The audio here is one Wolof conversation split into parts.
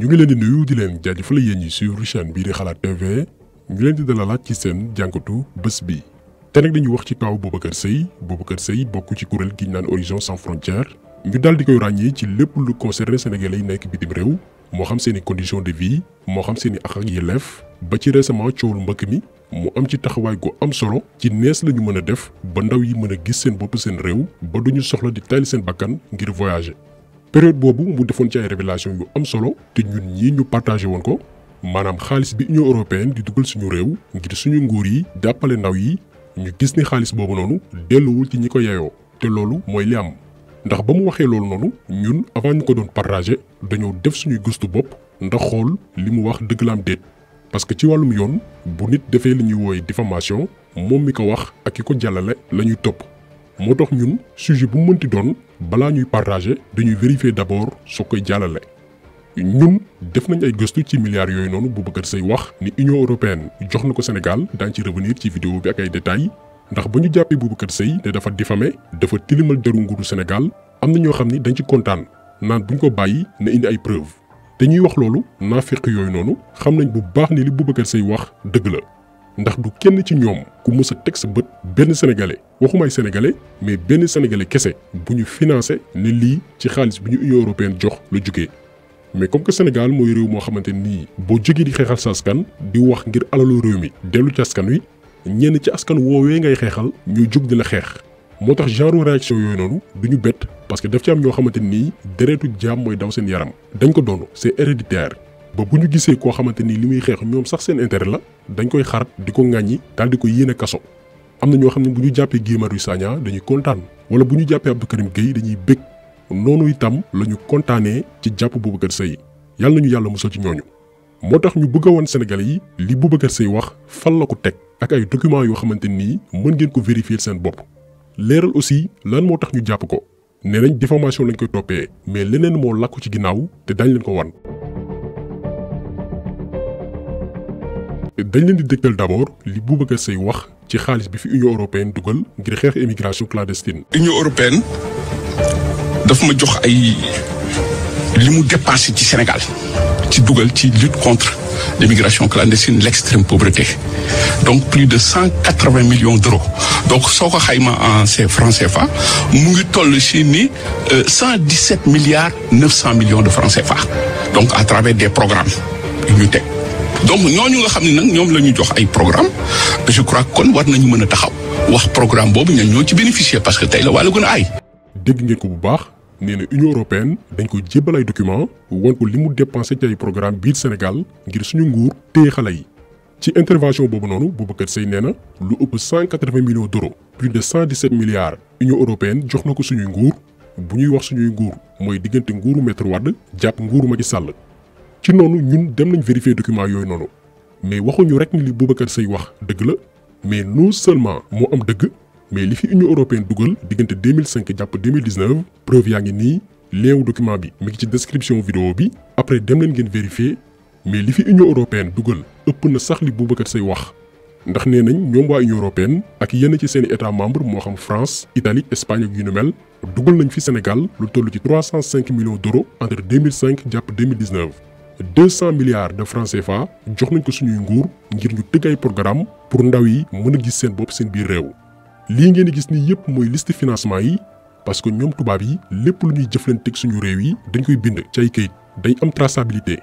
ñu ngi leen di nuyu di leen jaajëfal yéen ñi suivre chaîne bii di xalaat TV ñu leen di dalalaat ci seen jànkatu bés bi. te nag dañuy wax ci kaw Boubacar Seye Boubacar Seye bokk ci kuréel gi ñu naan Horizon Sans Frontières ñu daal di koy ràññee ci lépp lu concerné sénégalais yi nekk bitim réew moo xam seen i conditions de vie moo xam seen i ak ak yelleef ba ci récemment lu mbëkk mi mu am ci taxawaay gu am solo ci nees la ñu mën a def ba ndaw yi mën a gis seen bopp seen réew ba duñu soxla di tayli seen bakkan ngir voyager. période boobu mu defoon ci ay révélation yu am solo te ñun ñii ñu partagé woon ko maanaam xaalis bi union européenne di duggal suñu réew ngir suñu nguur yi jàppale ndaw yi ñu gis ni xaalis boobu noonu delluwul ci ñi ko yeyoo te loolu mooy li am. ndax ba mu waxee loolu noonu ñun avant ñu ko doon partagé dañoo def suñuy gëstu bopp ndax xool li mu wax dëgg la am déet parce que ci wàllum yoon bu nit defee li ñuy wooye diffamation moom mi ko wax ak ki ko jàllale la ñuy topp. moo tax ñun sujet bu mënti doon balaa ñuy partager dañuy vérifier d'abord soo koy jàllale. ñun def nañ ay gëstu ci milliards yooyu noonu bu bëggat say wax ni Union européenne jox na ko Sénégal daañu ci revenir ci vidéo bi ak ay détails ndax ba ñu jàppee Boubacar say ne dafa diffamé dafa tilimal deru nguuru Sénégal am na ñoo xam ni dañ ci kontaan naan buñ ko bàyyi na indi ay preuve te ñuy wax loolu naafiq yooyu noonu xam nañ bu baax ni li Boubacar Seye wax dëgg la ndax du kenn ci ñoom ku mës teg sa bët benn sénégalais waxumaay sénégalais mais benn sénégalais kese bu ñu financé ne lii ci xaalis bi ñu union européenne jox la jugee. mais comme que Sénégal mooy réew moo xamante nii boo jógee di xeexal sa askan di wax ngir alalu réew mi dellu ci askan wi ñenn ci askan woowee ngay xeexal ñoo jóg di la xeex. moo tax genre réaction yooyu noonu du ñu bett parce que daf ci am ñoo xamante nii deretu jaam mooy daw seen yaram dañ ko doon c'est héréditaire. ba bu ñu gisee koo xamante ni li muy xeex ñoom sax seen intérêt la dañ koy xarat di ko ŋàññi daal di ko yéene kaso am na ñoo xam ne bu ñu jàppee Guy Marius Sagna dañuy kontaan wala bu ñu jàppee Abdou Karim Gueye dañuy bég noonu itam la ñu kontaanee ci jàpp Boubacar Sèye yàlla nañu yàlla musal ci ñooñu moo tax ñu bëgg a woon Sénégalais yi li Boubacar Sèye wax fan la ko teg ak ay documents yoo xamante nii mën ngeen ko vérifier seen bopp leeral aussi lan moo tax ñu jàpp ko nee nañ diffamation lañ koy toppee mais leneen moo làkku ci ginnaaw te dañ leen ko wan dañ leen di dégtal d'abord li Boubacar Seye wax ci xaalis bi fi Union européenne dugal ngir xeex immigration clandestine. Union européenne daf ma jox ay li mu dépassé ci Sénégal ci dugal ci lutte contre l'immigration clandestine l'extrême pauvreté donc plus de 180 millions d'euros donc soo ko xayma en ces francs CFA mu ngi toll ci ni 117 euh, milliards 900 millions de francs CFA donc à travers des programmes yu donc ñooñu nga xam ne nag ñoom la ñu jox ay programme je crois kon war nañu mën a taxaw wax programme boobu ñan ñoo ci bénéficier parce que tey la wàllu gën a aay. dégg ngeen ko bu baax nee na Union européenne dañ ko jébbal ay document won ko li mu dépensé ci ay programme biir Sénégal ngir suñu nguur téye xale yi. ci intervention boobu noonu Boubacar Seye nee na lu ëpp cent quatre-vingts millions d'euros plus de cent dix-sept milliards Union européenne jox na ko suñuy nguur bu ñuy wax suñuy nguur mooy diggante nguuru Maître Wade jàpp nguuru Macky Sall. ci noonu ñun dem nañ vérifier document yoy noonu mais waxuñu rek ni li Boubacar Sey wax deug la mais non seulement mo am deug mais li fi Union européenne duggal diggante 2005 japp 2019 preuve ya ngi ni léew document bi mi ngi ci description vidéo bi après dem leen ngeen vérifier mais li fi Union européenne duggal ëpp na sax li Boubacar Sey wax ndax né nañ ñom wa Union européenne ak yenn ci seen i état membre xam France Italie Espagne ak yu ni mel duggal nañ fi Sénégal lu tollu ci 305 millions d'euros entre 2005 japp 2019 200 milliards de francs CFA jox nañ ko suñuy nguur ngir ñu tëgg programme pour ndaw yi mëna gis ngeen liste financement yi parce que ñoom tubaab yi lépp lu ñuy suñu yi dañ koy bind ci ay am traçabilité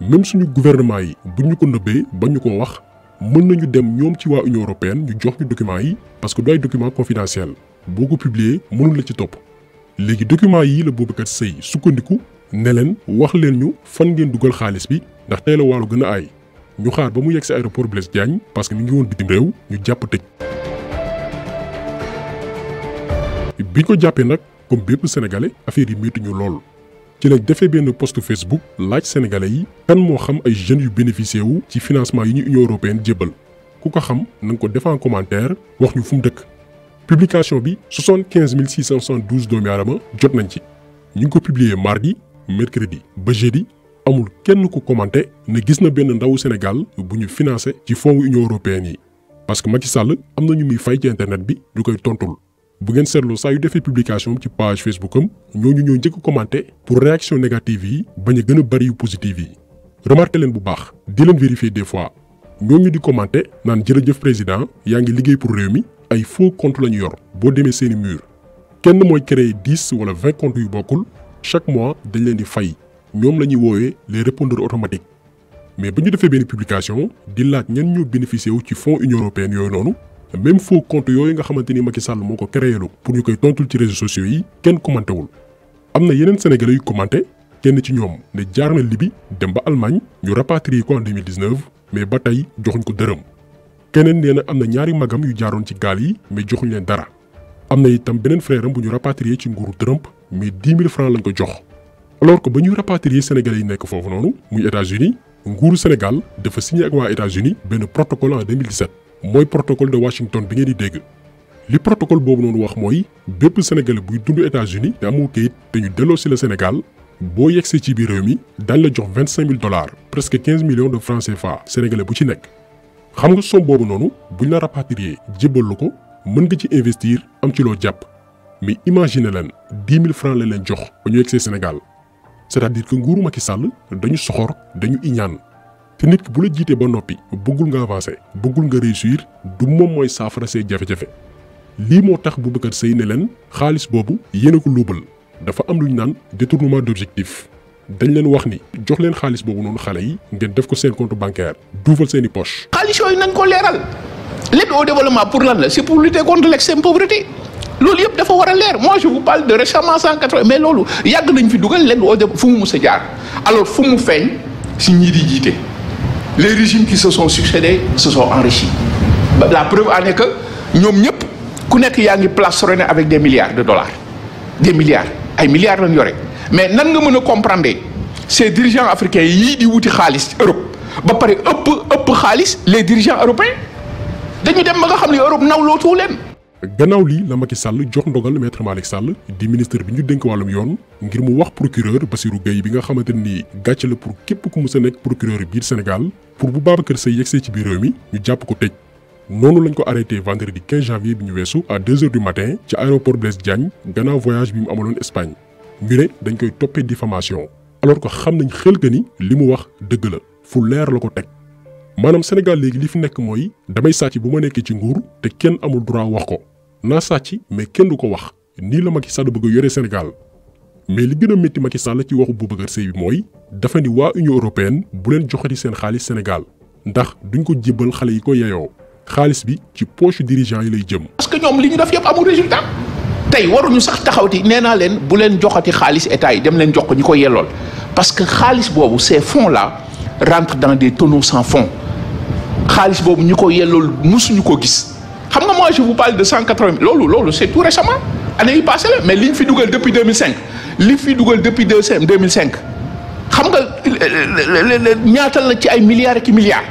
même suñu gouvernement yi bu ko nëbbee ba ko wax mën nañu dem ci Union européenne ñu jox document yi parce que du ay document confidentiel boo ko publier mënul la ci documents yi la kat sukkandiku ne leen wax leen ñu ngeen bi ndax a ñu xaar ba mu aéroport parce que nous ngi woon bitim réew ñu jàpp tëj. biñ ko jàppee nag comme bépp sénégalais affaire yi avons ñu lool ci post Facebook laaj sénégalais yi kan moo xam ay jeunes yu bénéficié wu ci financement européenne na commentaire wax ñu dëkk. publication 75 672 doomi jot nañ ci mardi mercredi ba jeudi amul kenn ku commenter ne gis na benn ndawu Sénégal bu ñu financé ci fonds Union européenne yi parce que Macky Sall am na ñu muy fay ci internet bi du koy tontul bu ngeen seetloo saa yu defee publication ci page Facebook am ñooñu ñoo njëkk commenter pour réaction négative yi bañ a gën a bëri yu positive yi remarqué leen bu baax di leen vérifier des fois ñooñu di commenté naan jërëjëf président yaa ngi liggéey pour réew mi ay faux compte la ñu yor boo demee seeni mur kenn mooy créer dix wala vingt compte yu bokkul chaque mois dañ leen di fay ñoom la ñuy les mais publication di laaj ñan ñoo bénéficié ci fonds union européenne yooyu noonu même faux compte yooyu nga xamante ni Macky Sall pour ñu koy tontul ci réseaux sociaux yi kenn commenté wul. am na sénégalais yu commenté kenn ci ñoom ne jaar na Libye dem ba Allemagne ñu rapatrier ko en 2019 mais ba tey joxuñ ko dërëm magam yu ci mais joxuñ dara itam frère Trump. Mais 10 000 francs lañ ko jox alors que ba ñuy rapatrier sénégalais yi nekk foofu noonu muy États-Unis nguuru Sénégal dafa signé ak waa États-Unis benn protocole en 2017 mooy protocole de Washington bi ngeen di dégg li protocole boobu noonu wax mooy bépp sénégalais buy dund États-Unis te amul kayit te ñu delloo la Sénégal boo yegsee ci biir réew mi dañ la jox vingt dollars presque 15 millions de francs CFA sénégalais bu ci nekk. xam nga somme boobu noonu buñ la rapatrier jébbal la ko mën ci investir am ci loo jàpp mais imagine leen dix mille francs la jox ba ñu yegsee Sénégal c'est-à-dire que nguuru Macky Sall dañu soxor dañu iñaan te nit ki bu la jité ba nopi bëggul nga avancer bëggul nga réussir du mom moy saafara see jafé jafe lii moo tax Boubacar Seye ne leen xaalis boobu yéen a ko luubal dafa am lu ñu naan détournement d'objectif dañ leen wax ni jox leen xaalis bobu non xalé yi ngeen def ko seen compte bancaire duufal seen poche. xaalis yooyu nañ ko léral l'aide au développement pour lan la c'est pour lutter contre l'extrême pauvreté loolu yëpp dafa war leer moi je vous parle de récemment 180 mais loolu yàgg nañ fi dugal lenn au fu mu mus a jaar alors fu mu feeñ si ñi di les régimes qui se sont succédés se sont enrichis la preuve en est que ñoom ñëpp ku nekk yaa ngi plaçonné avec des milliards de dollars des milliards ay milliards lañ yore mais nan nga mën a comprendre ces dirigeants africains yii di wuti xaalis Europe ba pare ëpp ëpp xaalis les dirigeants européens dañu dem ba nga xam ne Europe nawlootu leen. gannaaw lii la Macky Sall jox ndogal maître Malick Sall di ministre bi ñu dénk wàllum yoon ngir mu wax procureur Bassirou Gueye bi nga xamante ni gàcce la pour képp ku mës a nekk procureur biir Sénégal pour bu Babacar Seye yegsee ci biir réew mi ñu jàpp ko tëj. noonu lañ ko arrêté vendredi 15 janvier bi ñu weesu à 2h du matin ci aéroport Blaise Diagne gannaaw voyage bi mu amaloon Espagne ñu ne dañ koy toppee diffamation alors ko xam nañ xel que ni li mu wax dëgg la fu leer la ko teg. maanaam Sénégal léegi li fi nekk mooy damay sàcc bu ma nekkee ci nguur te kenn amul droit wax ko na sàcc mais kenn du ko wax ni la Macky Sall bëgg a yore Sénégal mais li gën metti métti Macky Sall ci waxu Boubacar Sèye bi mooy dafa ni wa Union européenne bu leen joxati sen xaalis Sénégal ndax duñ ko jébbal xale yi ko yeyo xaalis bi ci poche dirigeant yi lay jëm. parce que ñom li ñu def yëpp amul résultat waru ñu sax taxawti nee len leen bu leen joxati xaalis état yi dem len jox ko ñiko yelol parce que xaalis bobu ces fonds là rentrent dans des tonneaux sans fond xaalis bobu ñiko yelol musu musuñu ko gis je vous parle de 180 000 loolu loolu c'est tout récemment année passée, mais li ñu fi dugal depuis 2005 li fi dugal depuis 2005 xam nga euh, euh, ñaatal la ci ay milliards ak milliards.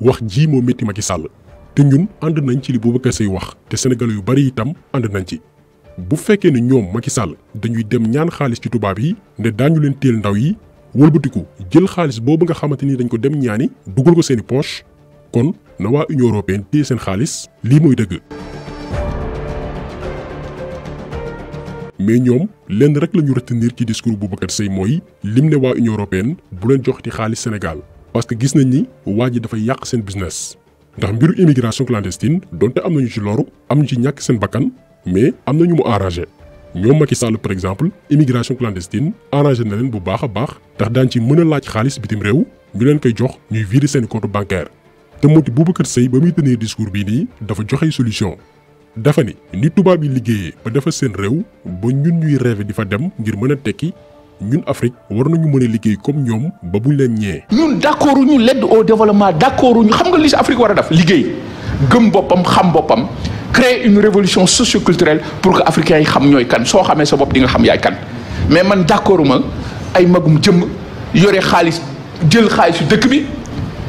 wax ji moo métti Macky Sall te ñun ànd nañ ci li Boubacar Seye wax te sénégalais yu bari itam ànd nañ ci bu fekkee ne ñoom Macky Sall dañuy dem ñaan xaalis ci tubaab yi ne daañu leen teel ndaw yi wëlbatiku jël xaalis boobu nga xamante ni dañ ko dem ñaani dugal ko seeni poche. kon na waa union européenne téye seen xaalis lii mooy dëgg mais ñoom lenn rek lañu retenir ci discours bakkat sey mooy lim ne waa union européenne bu leen joxati xaalis Sénégal parce que gis nañ ni waa ji dafay yàq seen business ndax mbiru immigration clandestine donte am nañu ci loru am ñu ci ñàkk seen bakkan mais am nañu mu arrangé ñoom Macky Sall par exemple immigration clandestine arrangé na leen bu baax a baax ndax daan ci mën a laaj xaalis bitim réew ñu leen koy jox ñuy virer seen compte bancaire te moo di Boubacar sey ba muy tenir discours bi ni dafa joxe solution dafa ni ni tuba bi liggéeyee ba dafa seen réew ba ñun ñuy rêve di fa dem ngir mën a tekki ñun Afrique war nañu mën a liggéey comme ñoom ba buñ leen ñee. ñun d' accord ñu l'aide au développement d' accord ñu xam nga li si Afrique war a def liggéey gëm boppam xam boppam créer une révolution socioculturelle pour que africains yi xam ñooy kan soo xamee sa bopp di nga xam yaay kan mais man d' accord ma ay magum jëmm yore xaalis jël xaalisu dëkk bi.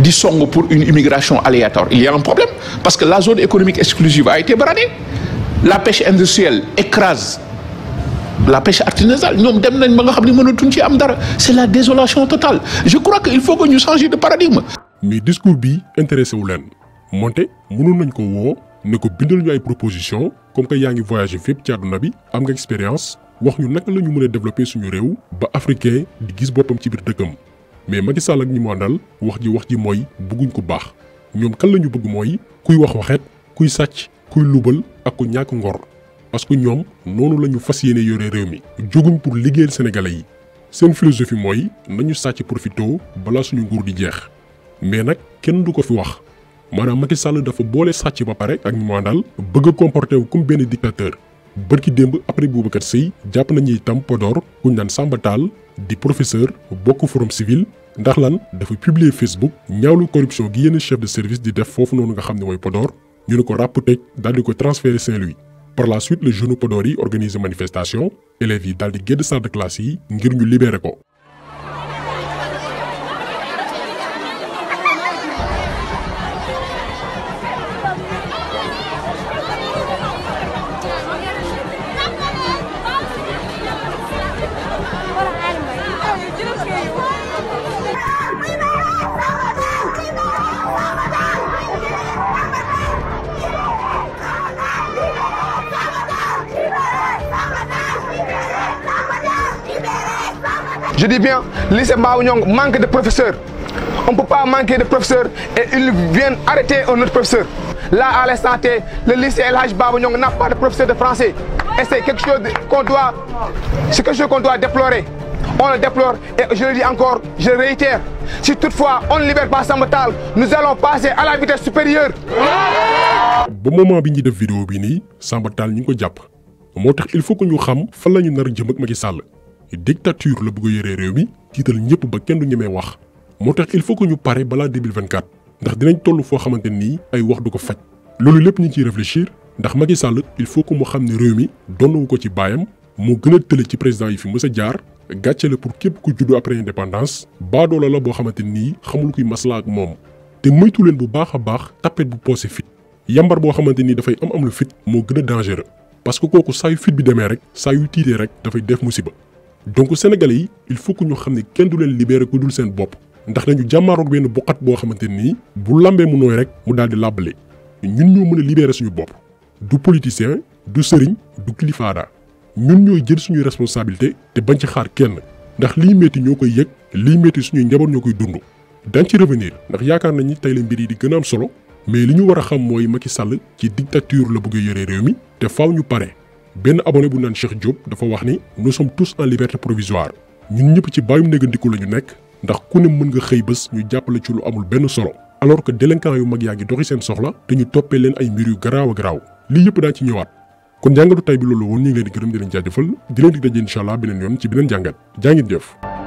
disons pour une immigration aléatoire. Il y a un problème parce que la zone économique exclusive a été bradée. La pêche industrielle écrase la pêche artisanale. C'est la désolation totale. Je crois qu'il faut que nous changions de paradigme. Mais discours bi intéressé au len monté nañ ko wo proposition comme que yaangi voyager avez expérience wax ñu lañu développer suñu africain mais Macky Sall ak ñi mu àndal wax ji wax ji mooy bëgguñ ko baax ñoom kan la ñu bëgg mooy kuy wax waxet kuy sàcc kuy lubal ak ku ñàkk ngor parce que ñoom noonu la ñu fas yéene yore réew mi. jóguñ pour liggéeyal sénégalais yi seen philosophie mooy nañu sàcc profito balaa suñu nguur di jeex mais nag kenn du ko fi wax maanaam Macky Sall dafa boole sàcc ba pare ak ñi mu àndal bëgg a comporté wu comme benn dictateur. bërki démb après Boubacar Sèye jàpp nañu itam Podor kuñ naan Samba taal di professeur bokk forum civil ndax lan dafa publier Facebook ñaawlu corruption gi yenn chef de service di def foofu noonu nga xam ne mooy Podor ñu ne ko ràpp tëj daal ko transféré Saint-Louis. par la suite le jeune Podor yi organiser manifestation élèves yi daal di génn salle de classe yi ngir ñu libéré ko. Je dis bien, lycée Baouyong manque de professeurs. On ne peut pas manquer de professeurs et ils viennent arrêter un autre professeur. Là, à la santé, le lycée LH Baouyong n'a pas de professeur de français. Et c'est quelque chose qu'on doit, c'est quelque chose qu'on doit déplorer. On le déplore et je le dis encore, je le réitère. Si toutefois on ne libère pas Sambatal, nous allons passer à la vitesse supérieure. Au moment vidéo, Sambatal il faut que nous sachions où nous sommes dictature la bëgg a yoree réew mi tiital ñëpp ba kenn du ñemee wax motax il faut que ñu paré bala 2024 ndax dinañ toll fo xamanteni ay wax du ko faj loolu lépp ñu ci réfléchir ndax Macky Sall il faut que mu xam ne réew mi donnawu ko ci bayam moo gëna a ci président yi fi mës a jaar gàcce pour képp ku juddu après indépendance do la la bo xamanteni xamul kuy masla ak mom té moytu leen bu baaxa baax tapet bu posé fit yambar bo xamanteni da fay am am lu fit mo gëna dangereux parce que koku saa yu fit bi demee rek saa y tiitee rek fay def musiba donc sénégalais il faut que ñu xamné ne kenn du leen libérer ko dul seen bop ndax dañu que nous. bu lambé mu rek mu ñun du politicien du sëriñ du klifada ñun ñoy jël suñu responsabilité te bañ ci xaar kenn ndax li metti koy njaboot dund dañ ci revenir ndax nañ solo mais li ñu war xam nous Macky Sall ci dictature la bëgg yoré pare benn abonné bu naan Cheikh Diop dafa wax ni nous sommes tous en liberté provisoire ñun ñëpp ci bàyyum négandiku la ñu nekk ndax ku ne mën nga xëy bés ñu jàppale ci lu amul benn solo alors que délinquant yu mag yaa ngi doxi seen soxla te ñu toppee leen ay mbir yu garaaw a garaaw lii yëpp daan ci ñëwaat kon jàngatu tay bi loolu woon ñu ngi leen di gërëm di leen di leen di daje incha beneen yoon ci beneen jàngat jaa ngeen jëf